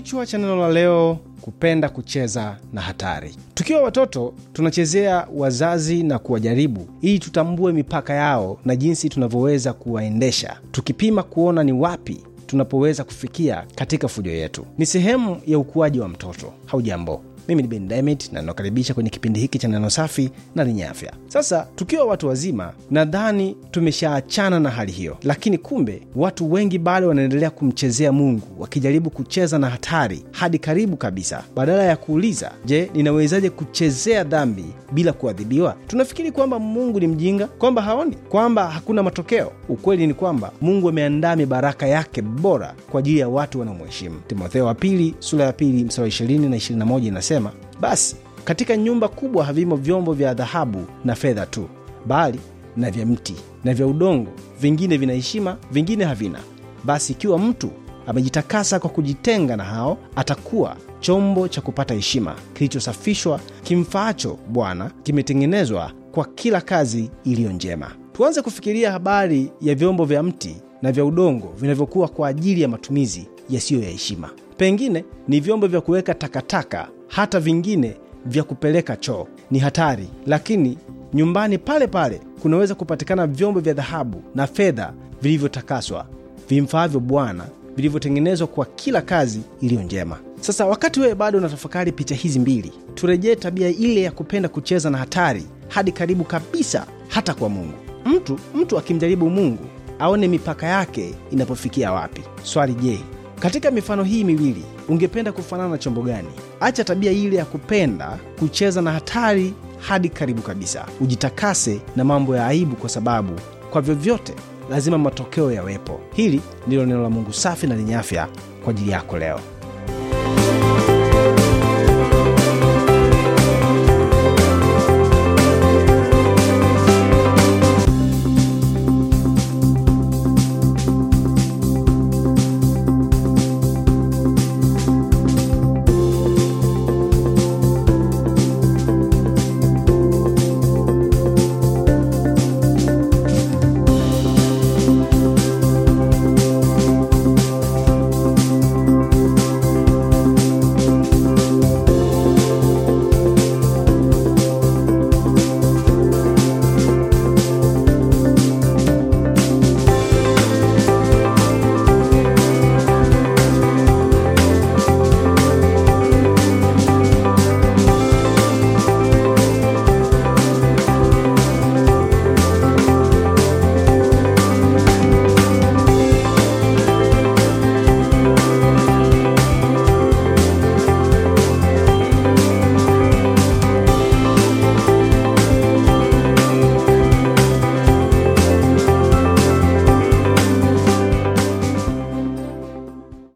Kichwa cha neno la leo: kupenda kucheza na hatari. Tukiwa watoto, tunachezea wazazi na kuwajaribu ili tutambue mipaka yao na jinsi tunavyoweza kuwaendesha, tukipima kuona ni wapi tunapoweza kufikia katika fujo yetu. Ni sehemu ya ukuaji wa mtoto. Haujambo, mimi ni bendemit na ninakaribisha kwenye kipindi hiki cha neno safi na lenye afya sasa tukiwa watu wazima nadhani tumeshaachana na hali hiyo lakini kumbe watu wengi bado wanaendelea kumchezea mungu wakijaribu kucheza na hatari hadi karibu kabisa badala ya kuuliza je ninawezaje kuchezea dhambi bila kuadhibiwa tunafikiri kwamba mungu ni mjinga kwamba haoni kwamba hakuna matokeo ukweli ni kwamba mungu ameandaa mibaraka yake bora kwa ajili ya watu wanaomheshimu timotheo wa pili ya pili msara 20 na 21 inasema anasema, basi katika nyumba kubwa havimo vyombo vya dhahabu na fedha tu, bali na vya mti na vya udongo, vingine vina heshima, vingine havina. Basi ikiwa mtu amejitakasa kwa kujitenga na hao, atakuwa chombo cha kupata heshima, kilichosafishwa, kimfaacho Bwana, kimetengenezwa kwa kila kazi iliyo njema. Tuanze kufikiria habari ya vyombo vya mti na vya udongo vinavyokuwa kwa ajili ya matumizi yasiyo ya heshima. Pengine ni vyombo vya kuweka takataka hata vingine vya kupeleka choo. Ni hatari, lakini nyumbani pale pale kunaweza kupatikana vyombo vya dhahabu na fedha vilivyotakaswa vimfaavyo Bwana, vilivyotengenezwa kwa kila kazi iliyo njema. Sasa wakati wewe bado unatafakari picha hizi mbili, turejee tabia ile ya kupenda kucheza na hatari hadi karibu kabisa hata kwa Mungu. Mtu mtu akimjaribu Mungu aone mipaka yake inapofikia wapi. Swali: je, katika mifano hii miwili, ungependa kufanana na chombo gani? Acha tabia ile ya kupenda kucheza na hatari hadi karibu kabisa. Ujitakase na mambo ya aibu, kwa sababu kwa vyovyote lazima matokeo yawepo. Hili ndilo neno la Mungu safi na lenye afya kwa ajili yako leo.